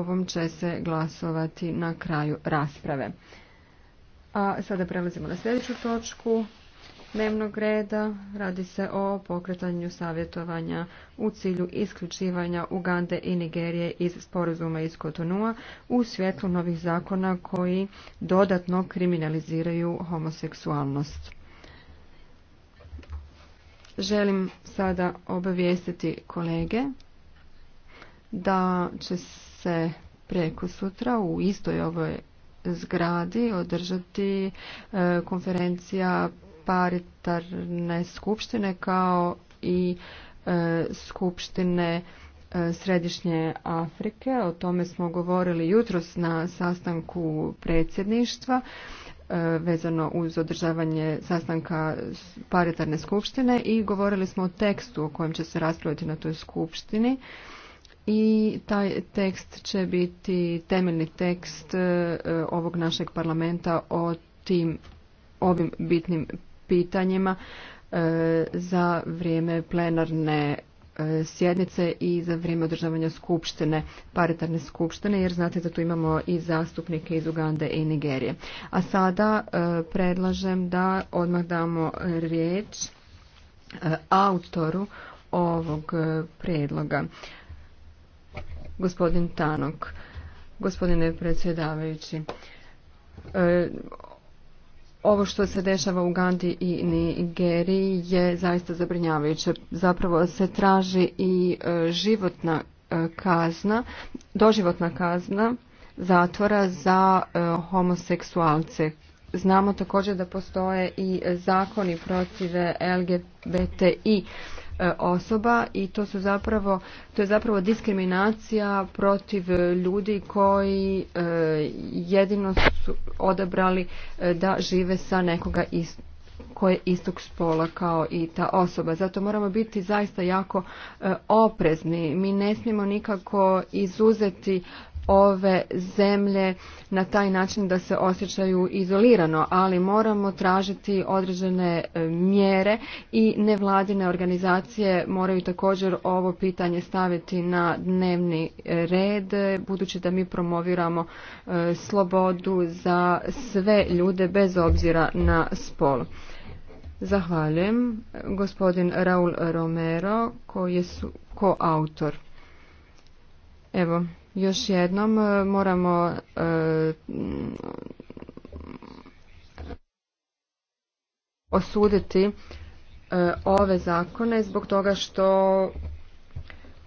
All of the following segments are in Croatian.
ovom će se glasovati na kraju rasprave. A sada prelazimo na sljedeću točku dnevnog reda. Radi se o pokretanju savjetovanja u cilju isključivanja Ugande i Nigerije iz sporazuma iz Kotonua u svjetlu novih zakona koji dodatno kriminaliziraju homoseksualnost. Želim sada obavijestiti kolege da će se preko sutra u istoj ovoj zgradi održati e, konferencija paritarne skupštine kao i e, skupštine e, Središnje Afrike. O tome smo govorili jutros na sastanku predsjedništva vezano uz održavanje sastanka paritarne skupštine i govorili smo o tekstu o kojem će se raspraviti na toj skupštini i taj tekst će biti temeljni tekst e, e, ovog našeg parlamenta o tim ovim bitnim pitanjima e, za vrijeme plenarne sjednice i za vrijeme održavanja skupštine, paritarne skupštine, jer znate da tu imamo i zastupnike iz Ugande i Nigerije. A sada predlažem da odmah damo riječ autoru ovog predloga. Gospodin Tanok, gospodine predsjedavajući, e, ovo što se dešava u Gandhi i Nigeriji je zaista zabrinjavajuće. Zapravo se traži i e, životna e, kazna, doživotna kazna zatvora za homoseksualce. Znamo također da postoje i zakoni protive LGBTI E, osoba i to su zapravo to je zapravo diskriminacija protiv ljudi koji e, jedino su odabrali e, da žive sa nekoga koje istog spola kao i ta osoba. Zato moramo biti zaista jako oprezni. Mi ne smijemo nikako izuzeti ove zemlje na taj način da se osjećaju izolirano, ali moramo tražiti određene e, mjere i nevladine organizacije moraju također ovo pitanje staviti na dnevni red, budući da mi promoviramo e, slobodu za sve ljude bez obzira na spol. Zahvaljujem. Gospodin Raul Romero, koji je koautor. Evo, još jednom e, moramo e, osuditi e, ove zakone zbog toga što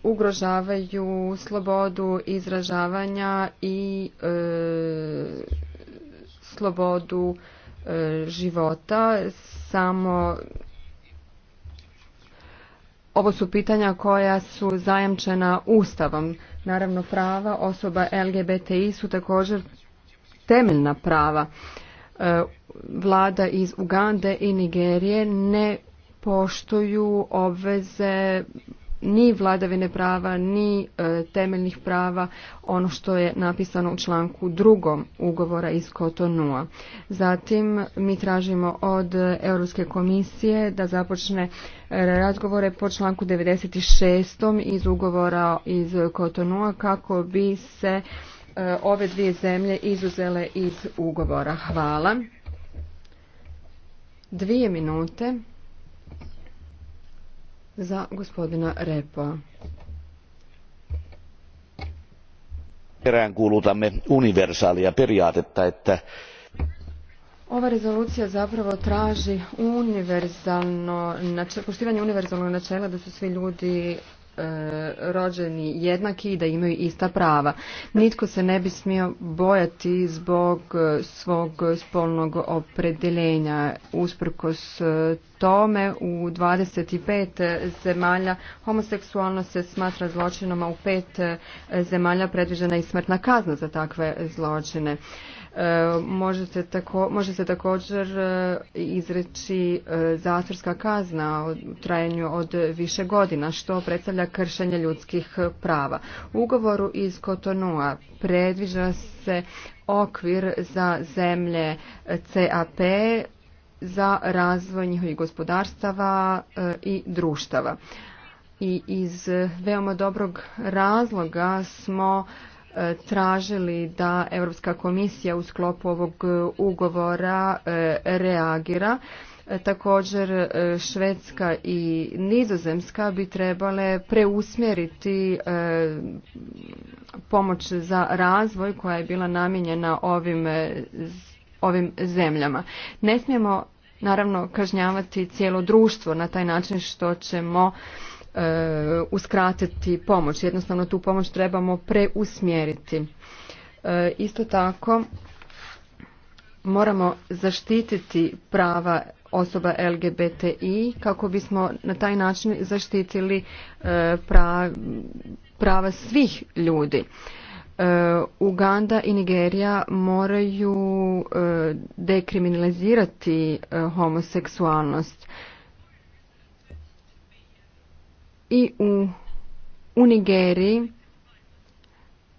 ugrožavaju slobodu izražavanja i slobodu života samo ovo su pitanja koja su zajamčena Ustavom. Naravno, prava osoba LGBTI su također temeljna prava. E, vlada iz Ugande i Nigerije ne poštuju obveze ni vladavine prava, ni e, temeljnih prava, ono što je napisano u članku drugom ugovora iz Kotonua. Zatim mi tražimo od Europske komisije da započne e, razgovore po članku 96. iz ugovora iz Kotonua kako bi se e, ove dvije zemlje izuzele iz ugovora. Hvala. Dvije minute za gospodina Repa. Peräänkuulutamme universaalia periaatetta, että ova rezolucija zapravo traži univerzalno, poštivanje univerzalnog načela da su svi ljudi E, rođeni jednaki i da imaju ista prava. Nitko se ne bi smio bojati zbog e, svog spolnog opredjeljenja. Usprkos e, tome u 25 zemalja homoseksualnost se smatra zločinom, a u pet zemalja predviđena i smrtna kazna za takve zločine. E, možete može se također e, izreći e, zatvorska kazna u trajanju od više godina, što predstavlja kršenje ljudskih prava. U ugovoru iz Kotonua predviđa se okvir za zemlje CAP za razvoj njihovih gospodarstava i društava. I iz veoma dobrog razloga smo E, tražili da Europska komisija u sklopu ovog ugovora e, reagira. E, također Švedska i Nizozemska bi trebale preusmjeriti pomoć za razvoj koja je bila namijenjena ovim, ovim zemljama. Ne smijemo naravno kažnjavati cijelo društvo na taj način što ćemo E, uskratiti pomoć. Jednostavno tu pomoć trebamo preusmjeriti. E, isto tako moramo zaštititi prava osoba LGBTI kako bismo na taj način zaštitili e, prava svih ljudi. Uganda i Nigerija moraju dekriminalizirati homoseksualnost i u, u Nigeriji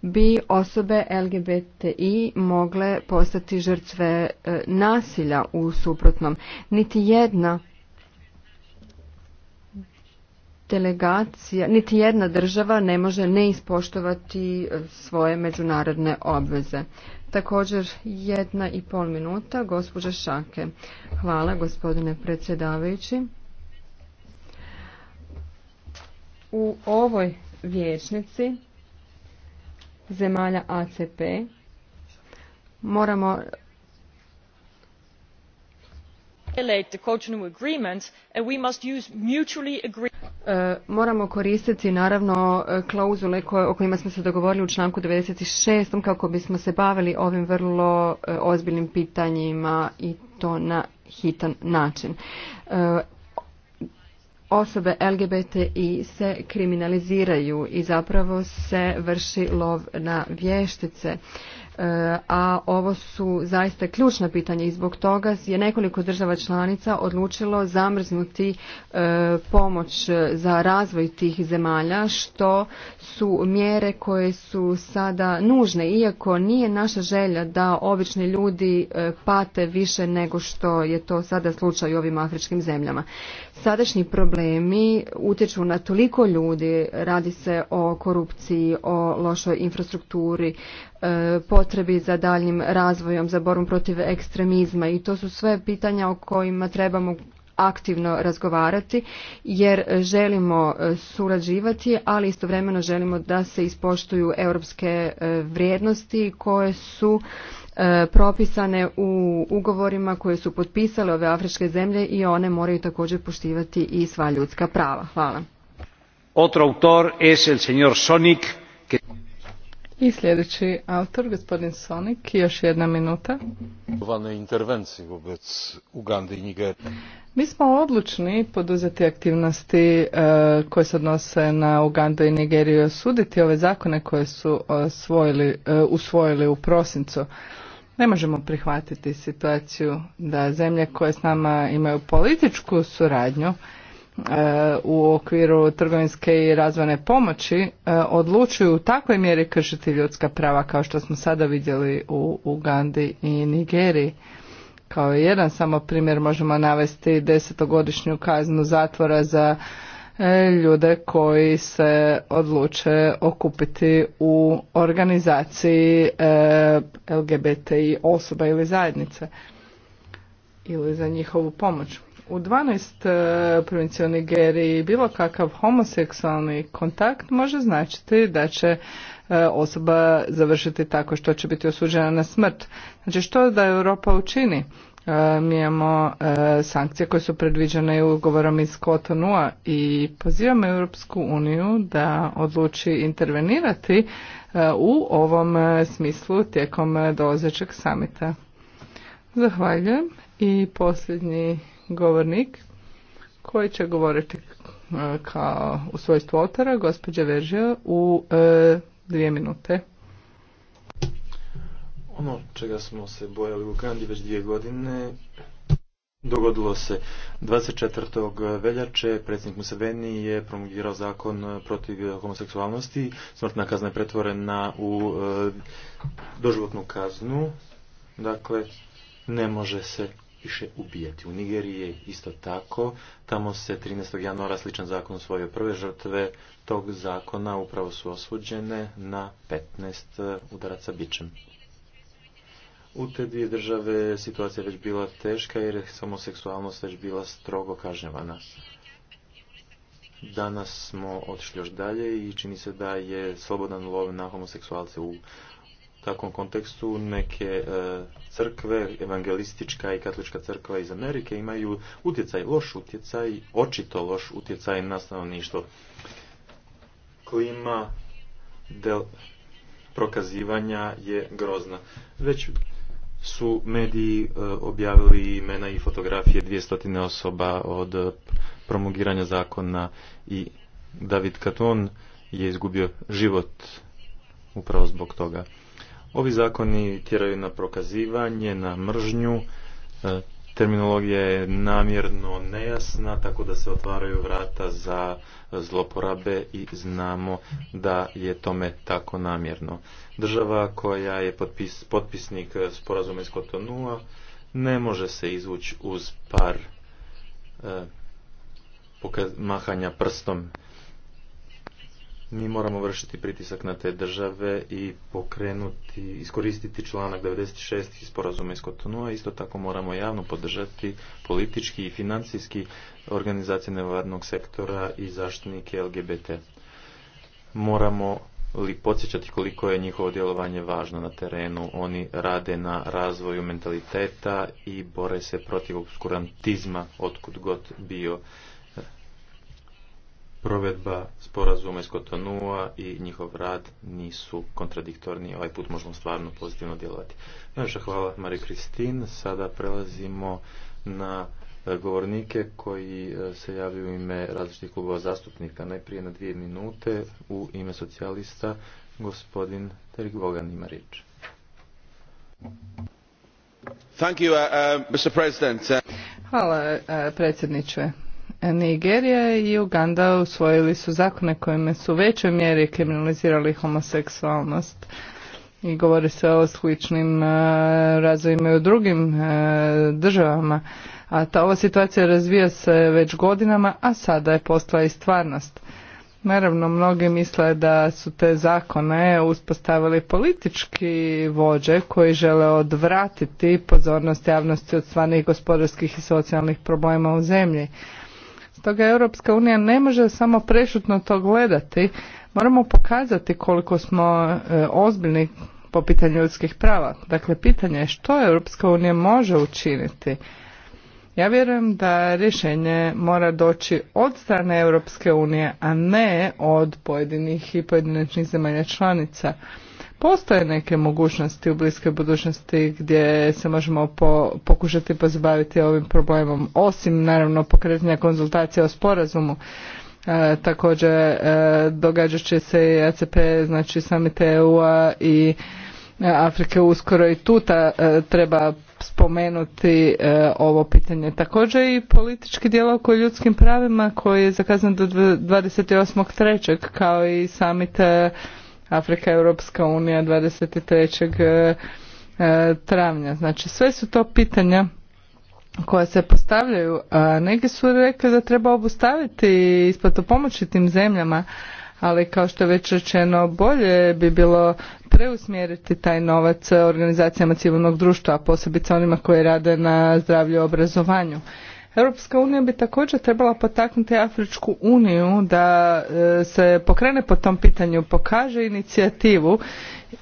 bi osobe LGBTI mogle postati žrtve e, nasilja u suprotnom. Niti jedna delegacija, niti jedna država ne može ne ispoštovati e, svoje međunarodne obveze. Također jedna i pol minuta, gospođa Šake. Hvala gospodine predsjedavajući u ovoj vječnici zemalja ACP moramo e, moramo koristiti naravno klauzule o kojima smo se dogovorili u članku 96. kako bismo se bavili ovim vrlo e, ozbiljnim pitanjima i to na hitan način. E, osobe LGBTI se kriminaliziraju i zapravo se vrši lov na vještice e, a ovo su zaista ključna pitanja i zbog toga je nekoliko država članica odlučilo zamrznuti e, pomoć za razvoj tih zemalja što su mjere koje su sada nužne iako nije naša želja da obični ljudi e, pate više nego što je to sada slučaj u ovim afričkim zemljama sadašnji problemi utječu na toliko ljudi, radi se o korupciji, o lošoj infrastrukturi, e, potrebi za daljnjim razvojom, za borbom protiv ekstremizma i to su sve pitanja o kojima trebamo aktivno razgovarati jer želimo e, surađivati, ali istovremeno želimo da se ispoštuju europske e, vrijednosti koje su E, propisane u ugovorima koje su potpisale ove afričke zemlje i one moraju također poštivati i sva ljudska prava. Hvala. Otro autor es el señor I sljedeći autor, gospodin Sonik, još jedna minuta. i Mi smo odlučni poduzeti aktivnosti e, koje se odnose na Ugandu i Nigeriju i osuditi ove zakone koje su e, usvojili u prosincu. Ne možemo prihvatiti situaciju da zemlje koje s nama imaju političku suradnju e, u okviru trgovinske i razvojne pomoći e, odlučuju u takvoj mjeri kršiti ljudska prava kao što smo sada vidjeli u Ugandi i Nigeriji. Kao jedan samo primjer možemo navesti desetogodišnju kaznu zatvora za E, ljude koji se odluče okupiti u organizaciji e, LGBTI osoba ili zajednice ili za njihovu pomoć. U 12 provinciji u Nigeriji bilo kakav homoseksualni kontakt može značiti da će e, osoba završiti tako što će biti osuđena na smrt. Znači što da Europa učini? E, mi imamo e, sankcije koje su predviđene ugovorom iz Kotonua i pozivamo Europsku uniju da odluči intervenirati e, u ovom smislu tijekom dolazećeg samita. Zahvaljujem i posljednji govornik koji će govoriti kao u svojstvu otora, gospođa Veržija, u dvije minute. Ono čega smo se bojali u Ugandi već dvije godine dogodilo se. 24. veljače predsjednik Museveni je promulgirao zakon protiv homoseksualnosti. Smrtna kazna je pretvorena u e, doživotnu kaznu. Dakle, ne može se više ubijati. U Nigeriji je isto tako. Tamo se 13. januara sličan zakon svoje Prve žrtve tog zakona upravo su osuđene na 15 udaraca bičem. U te dvije države situacija je već bila teška jer je homoseksualnost već bila strogo kažnjavana. Danas smo otišli još dalje i čini se da je slobodan lov na homoseksualce u takvom kontekstu neke e, crkve, evangelistička i katolička crkva iz Amerike imaju utjecaj, loš utjecaj, očito loš utjecaj na stanovništvo. Klima del prokazivanja je grozna. Već su mediji e, objavili imena i fotografije 200 osoba od promogiranja zakona i David Katon je izgubio život upravo zbog toga. Ovi zakoni tjeraju na prokazivanje, na mržnju, e, terminologija je namjerno nejasna, tako da se otvaraju vrata za zloporabe i znamo da je tome tako namjerno. Država koja je potpisnik sporazuma iz Kotonua ne može se izvući uz par eh, mahanja prstom mi moramo vršiti pritisak na te države i pokrenuti, iskoristiti članak 96. sporazuma iz Kotonua. Isto tako moramo javno podržati politički i financijski organizacije nevladnog sektora i zaštitnike LGBT. Moramo li podsjećati koliko je njihovo djelovanje važno na terenu. Oni rade na razvoju mentaliteta i bore se protiv obskurantizma otkud god bio provedba sporazuma iz Kotonua i njihov rad nisu kontradiktorni. Ovaj put možemo stvarno pozitivno djelovati. hvala Mari Kristin. Sada prelazimo na e, govornike koji e, se javljaju u ime različitih klubova zastupnika. Najprije na dvije minute u ime socijalista gospodin Terik Vogan ima riječ. Uh, uh, hvala uh, predsjedniče. Nigerija i Uganda usvojili su zakone kojima su u većoj mjeri kriminalizirali homoseksualnost i govori se o sličnim e, razvojima i u drugim e, državama. A ta ova situacija razvija se već godinama, a sada je postala i stvarnost. Naravno, mnogi misle da su te zakone uspostavili politički vođe koji žele odvratiti pozornost javnosti od stvarnih gospodarskih i socijalnih problema u zemlji toga Europska unija ne može samo prešutno to gledati. Moramo pokazati koliko smo e, ozbiljni po pitanju ljudskih prava. Dakle, pitanje je što Europska unija može učiniti. Ja vjerujem da rješenje mora doći od strane Europske unije, a ne od pojedinih i pojedinačnih zemalja članica. Postoje neke mogućnosti u bliskoj budućnosti gdje se možemo pokušati pozabaviti ovim problemom, osim naravno pokretanja konzultacija o sporazumu. E, također e, događat će se i ACP, znači samite EU-a i e, Afrike uskoro i tu e, treba spomenuti ovo pitanje. Također i politički dijalog o ljudskim pravima koji je zakazan do 28.3. kao i samit Afrika Europska unija 23. E, e, travnja. Znači sve su to pitanja koja se postavljaju. Neki su rekli da treba obustaviti isplatu pomoći tim zemljama, ali kao što je već rečeno bolje bi bilo preusmjeriti taj novac organizacijama civilnog društva, a posebice onima koji rade na zdravlju i obrazovanju. Europska unija bi također trebala potaknuti Afričku uniju da e, se pokrene po tom pitanju, pokaže inicijativu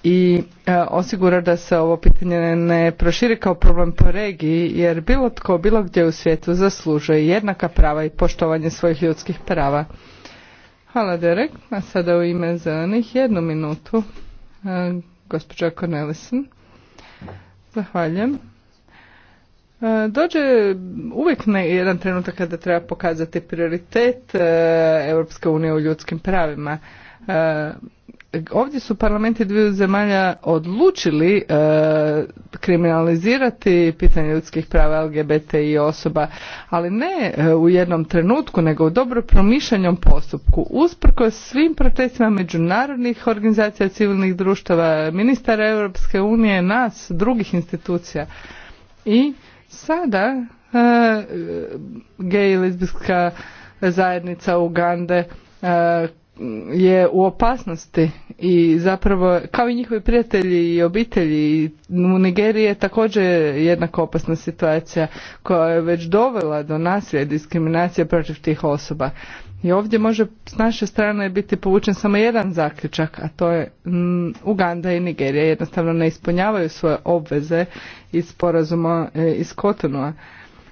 i e, osigura da se ovo pitanje ne proširi kao problem po regiji jer bilo tko bilo gdje u svijetu zaslužuje jednaka prava i poštovanje svojih ljudskih prava. Hvala Derek, a sada u ime zelenih jednu minutu e, gospođa Cornelison. Zahvaljujem. E, dođe uvijek jedan trenutak kada treba pokazati prioritet e, Europske unije u ljudskim pravima. E, ovdje su parlamenti dviju zemalja odlučili kriminalizirati pitanje ljudskih prava LGBT i osoba, ali ne u jednom trenutku, nego u dobro promišljenom postupku. Usprko svim protestima međunarodnih organizacija civilnih društava, ministara Europske unije, nas, drugih institucija i Sada e, gej i zajednica Ugande e, je u opasnosti i zapravo kao i njihovi prijatelji i obitelji u Nigeriji je također jednako opasna situacija koja je već dovela do nasilja i diskriminacije protiv tih osoba. I ovdje može s naše strane biti povučen samo jedan zaključak, a to je mm, Uganda i Nigerija jednostavno ne ispunjavaju svoje obveze iz sporazuma e, iz Kotonua.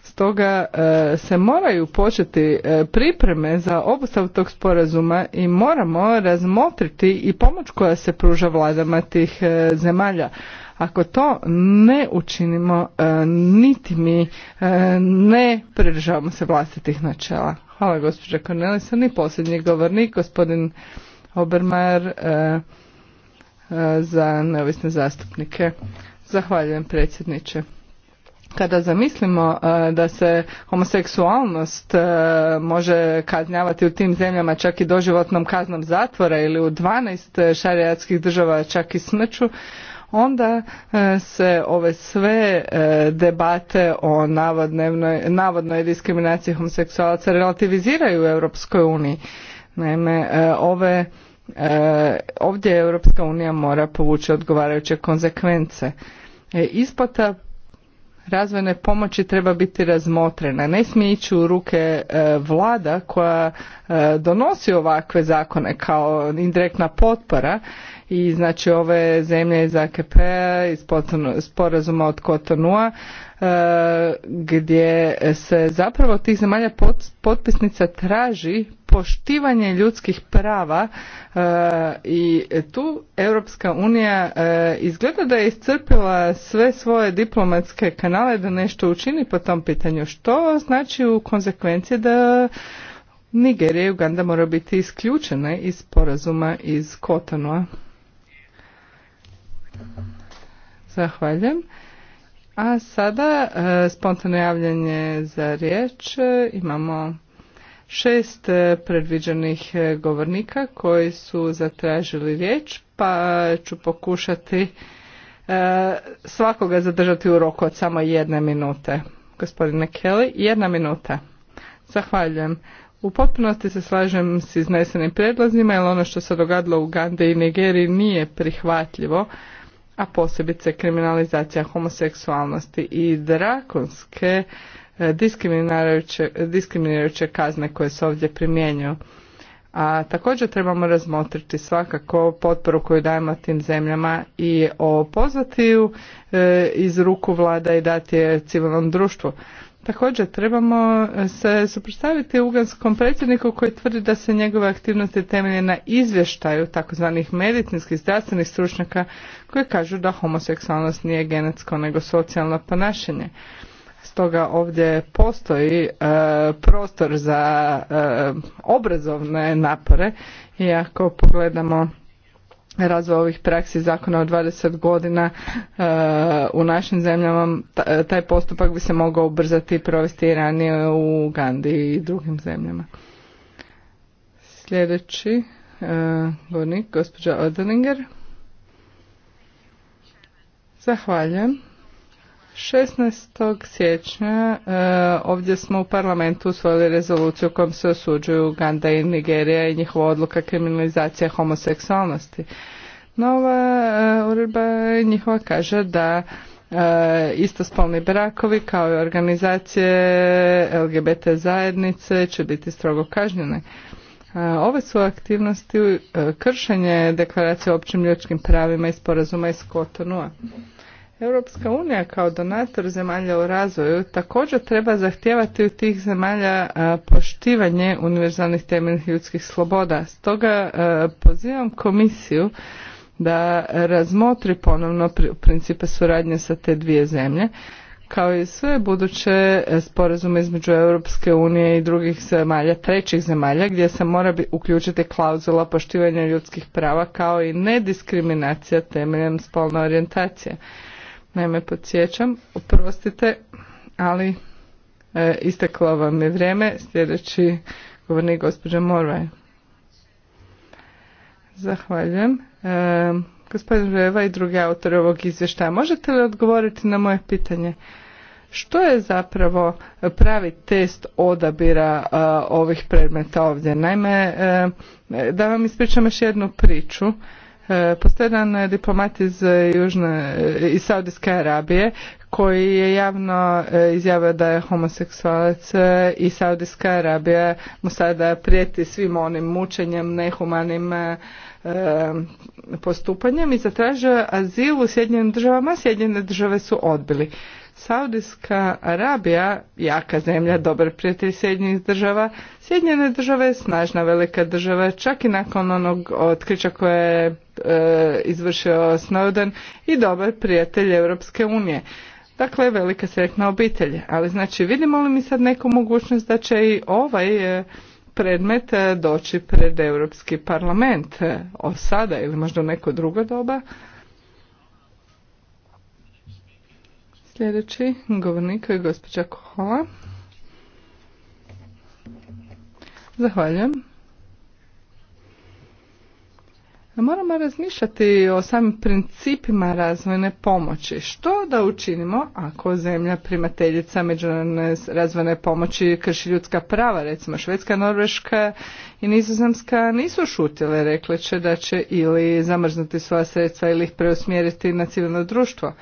Stoga e, se moraju početi e, pripreme za obustavu tog sporazuma i moramo razmotriti i pomoć koja se pruža vladama tih zemalja. Ako to ne učinimo, niti mi ne pridržavamo se vlastitih načela. Hvala gospođa Cornelison i posljednji govornik, gospodin Obermajer e, e, za neovisne zastupnike. Zahvaljujem predsjedniče. Kada zamislimo e, da se homoseksualnost može kaznjavati u tim zemljama čak i doživotnom kaznom zatvora ili u 12 šarijatskih država čak i smrću, onda e, se ove sve e, debate o navodnoj diskriminaciji homoseksualaca relativiziraju u Europskoj uniji. Naime, e, ove ovdje Europska unija mora povući odgovarajuće konsekvence. Isplata razvojne pomoći treba biti razmotrena. Ne smije ići u ruke vlada koja donosi ovakve zakone kao indirektna potpora i znači ove zemlje iz akp iz sporazuma od Kotonua, e, gdje se zapravo tih zemalja potpisnica traži poštivanje ljudskih prava e, i tu Europska unija e, izgleda da je iscrpila sve svoje diplomatske kanale da nešto učini po tom pitanju, što znači u konsekvenciji da Nigerija i Uganda moraju biti isključene iz sporazuma iz Kotonua. Zahvaljujem. A sada e, spontano javljanje za riječ. E, imamo šest e, predviđenih govornika koji su zatražili riječ, pa ću pokušati svakoga zadržati u roku od samo jedne minute. Gospodine Kelly, jedna minuta. Zahvaljujem. U potpunosti se slažem s iznesenim predlazima, jer ono što se dogadilo u Gande i Nigeriji nije prihvatljivo, a posebice kriminalizacija homoseksualnosti i drakonske e, diskriminirajuće, diskriminirajuće kazne koje se ovdje primjenjuju. A također trebamo razmotriti svakako potporu koju dajemo tim zemljama i pozvati ju e, iz ruku vlada i dati je civilnom društvu. Također trebamo e, se suprotstaviti uganskom predsjedniku koji tvrdi da se njegove aktivnosti temelje na izvještaju takozvanih medicinskih zdravstvenih stručnjaka koji kažu da homoseksualnost nije genetsko nego socijalno ponašanje. Stoga ovdje postoji e, prostor za e, obrazovne napore i ako pogledamo Razvoj ovih praksi zakona od 20 godina e, u našim zemljama taj postupak bi se mogao ubrzati i provesti i ranije u Gandiji i drugim zemljama. Sljedeći e, govornik, gospođa Odeninger. Zahvaljujem. 16. siječnja e, ovdje smo u parlamentu usvojili rezoluciju u kojom se osuđuju Uganda i Nigerija i njihova odluka kriminalizacije homoseksualnosti. Nova e, uredba njihova kaže da e, istospolni brakovi kao i organizacije LGBT zajednice će biti strogo kažnjene. Ove su aktivnosti kršenje deklaracije o općim ljudskim pravima i sporazuma iz Kotonua. Europska unija kao donator zemalja u razvoju također treba zahtijevati u tih zemalja poštivanje univerzalnih temeljnih ljudskih sloboda. Stoga pozivam komisiju da razmotri ponovno principe suradnje sa te dvije zemlje kao i sve buduće sporazume između Europske unije i drugih zemalja, trećih zemalja, gdje se mora uključiti klauzula poštivanja ljudskih prava kao i nediskriminacija temeljem spolne orijentacije. Naime, podsjećam, oprostite, ali e, isteklo vam je vrijeme. Sljedeći govornik gospođa Morvaj. Zahvaljujem. E, gospodin Reva i drugi autor ovog izvještaja, možete li odgovoriti na moje pitanje? Što je zapravo pravi test odabira e, ovih predmeta ovdje? Naime, e, da vam ispričam još jednu priču. E, Postojan e, diplomat iz, e, Južne, iz Saudijske Arabije koji je javno izjavio da je homoseksualac i Saudijska Arabija mu sada prijeti svim onim mučenjem, nehumanim postupanjem i zatražio azil u Sjedinjenim državama, Sjedinjene države su odbili. Saudijska Arabija, jaka zemlja, dobar prijatelj Sjedinjenih država, Sjedinjene države je snažna velika država, čak i nakon onog otkrića koje je e, izvršio Snowden i dobar prijatelj Europske unije. Dakle, velika sretna obitelj. Ali znači, vidimo li mi sad neku mogućnost da će i ovaj e, predmet e, doći pred Europski parlament e, od sada ili možda neko drugo doba. Sljedeći govornik je gospođa Kohola. Zahvaljujem. Moramo razmišljati o samim principima razvojne pomoći. Što da učinimo ako zemlja primateljica međunarodne razvojne pomoći krši ljudska prava, recimo Švedska, Norveška i Nizozemska nisu šutile, rekle će da će ili zamrznuti svoja sredstva ili ih preusmjeriti na civilno društvo.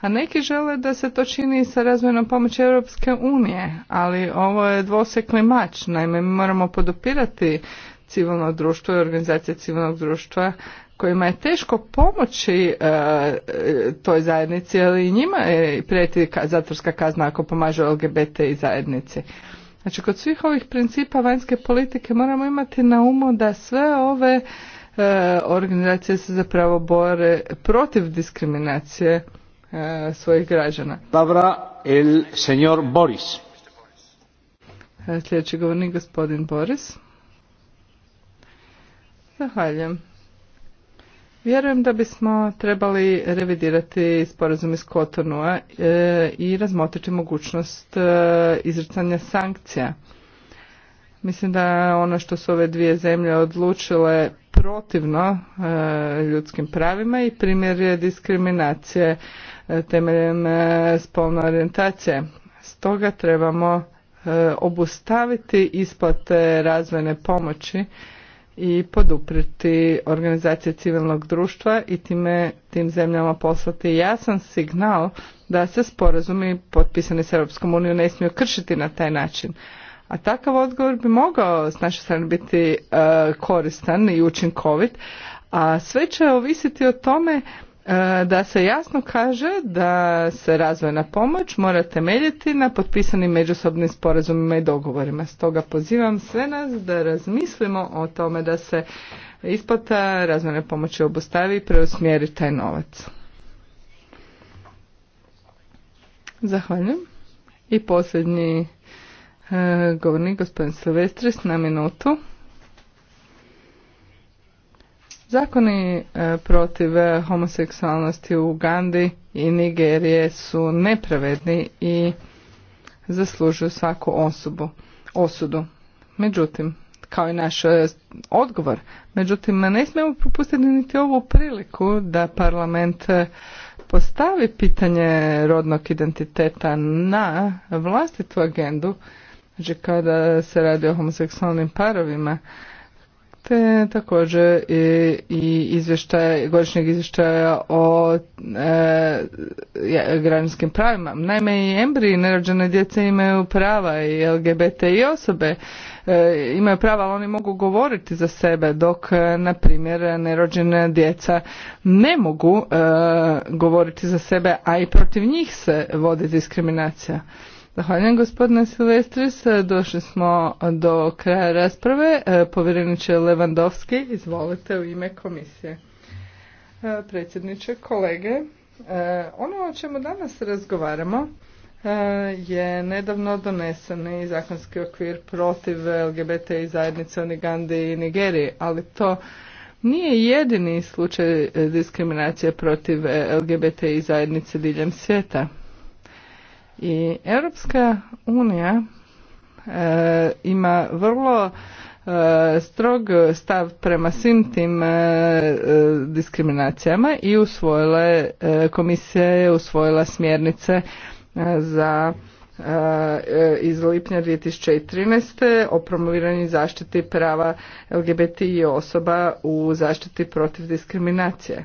A neki žele da se to čini sa razvojnom pomoći Europske unije, ali ovo je dvosekli mač. Naime, mi moramo podupirati civilno društvo i organizacije civilnog društva kojima je teško pomoći e, e, toj zajednici, ali i njima je prijeti zatvorska kazna ako pomaže LGBT i zajednici. Znači, kod svih ovih principa vanjske politike moramo imati na umu da sve ove e, organizacije se zapravo bore protiv diskriminacije svojih građana. Dobra, el señor Boris. Sljedeći govornik, gospodin Boris. Zahvaljujem. Vjerujem da bismo trebali revidirati sporazum iz Kotonua e, i razmotriti mogućnost e, izricanja sankcija. Mislim da ono što su ove dvije zemlje odlučile protivno e, ljudskim pravima i primjer je diskriminacije temeljem spolne orijentacije. Stoga trebamo obustaviti isplate razvojne pomoći i podupriti organizacije civilnog društva i time tim zemljama poslati jasan signal da se sporazumi potpisani s Europskom unijom ne smiju kršiti na taj način. A takav odgovor bi mogao s naše strane biti e, koristan i učinkovit, a sve će ovisiti o tome E, da se jasno kaže da se razvojna pomoć mora temeljiti na potpisanim međusobnim sporazumima i dogovorima. Stoga pozivam sve nas da razmislimo o tome da se isplata razvojne pomoći obustavi i preusmjeri taj novac. Zahvaljujem. I posljednji e, govornik, gospodin Silvestris, na minutu. Zakoni e, protiv e, homoseksualnosti u Ugandi i Nigerije su nepravedni i zaslužuju svaku osobu, osudu. Međutim, kao i naš e, odgovor, međutim ne smijemo propustiti niti ovu priliku da parlament postavi pitanje rodnog identiteta na vlastitu agendu, znači kada se radi o homoseksualnim parovima, te također i izvještaj, godišnjeg izvještaja o e, građanskim pravima. Naime, i embriji nerođene djece imaju prava i LGBT i osobe e, imaju prava, ali oni mogu govoriti za sebe, dok, e, na primjer, nerođene djeca ne mogu e, govoriti za sebe, a i protiv njih se vodi diskriminacija. Zahvaljujem gospodine Silvestris. Došli smo do kraja rasprave. E, povjereniče Levandovski, izvolite u ime komisije. E, predsjedniče, kolege, e, ono o čemu danas razgovaramo je nedavno doneseni zakonski okvir protiv LGBT i zajednice u i Nigeriji, ali to nije jedini slučaj diskriminacije protiv LGBT i zajednice diljem svijeta. I Europska unija e, ima vrlo e, strog stav prema svim tim e, diskriminacijama i usvojila je, komisija je usvojila smjernice za iz lipnja 2013. o promoviranju zaštiti prava LGBTI osoba u zaštiti protiv diskriminacije.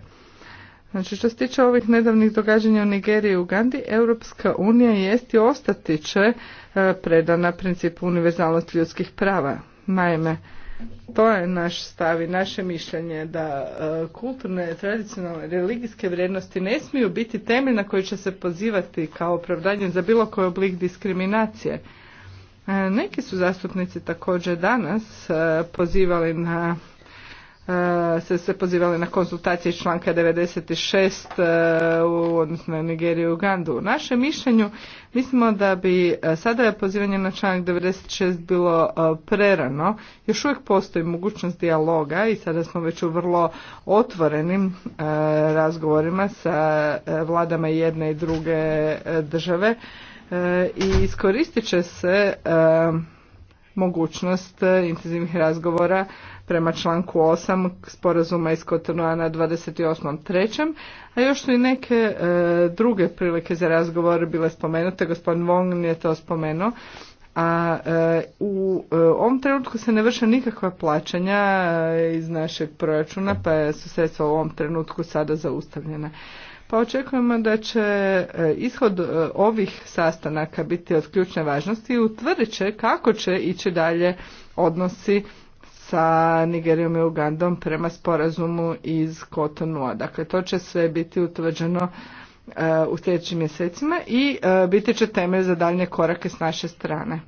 Znači što se tiče ovih nedavnih događanja u Nigeriji i Ugandi, Europska unija jest i ostati će e, predana principu univerzalnosti ljudskih prava. Naime, to je naš stav i naše mišljenje da e, kulturne, tradicionalne, religijske vrijednosti ne smiju biti temelj na koji će se pozivati kao opravdanje za bilo koji oblik diskriminacije. E, neki su zastupnici također danas pozivali na Eh, se, se pozivali na konzultacije članka 96 eh, u odnosu na Nigeriju i Ugandu. U našem mišljenju mislimo da bi eh, sada je pozivanje na članak 96 bilo prerano. Još uvijek postoji mogućnost dijaloga i sada smo već u vrlo otvorenim razgovorima sa vladama jedne i druge države i iskoristit će se mogućnost intenzivnih razgovora prema članku 8 sporazuma iz Kotonua na 28.3. A još su i neke e, druge prilike za razgovor bile spomenute, gospodin Wong je to spomenuo. A e, u e, ovom trenutku se ne vrše nikakva plaćanja iz našeg proračuna, pa su sredstva u ovom trenutku sada zaustavljena. Pa očekujemo da će ishod ovih sastanaka biti od ključne važnosti i utvrdit će kako će ići dalje odnosi sa Nigerijom i Ugandom prema sporazumu iz Kotonua. Dakle, to će sve biti utvrđeno e, u sljedećim mjesecima i e, biti će teme za daljnje korake s naše strane.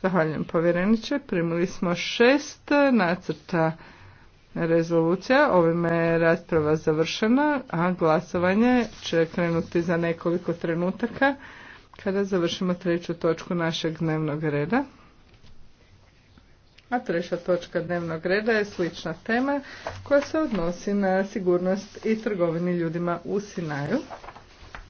Zahvaljujem povjereniče. Primili smo šest nacrta rezolucija. Ovime je rasprava završena, a glasovanje će krenuti za nekoliko trenutaka kada završimo treću točku našeg dnevnog reda. A treća točka dnevnog reda je slična tema koja se odnosi na sigurnost i trgovini ljudima u Sinaju.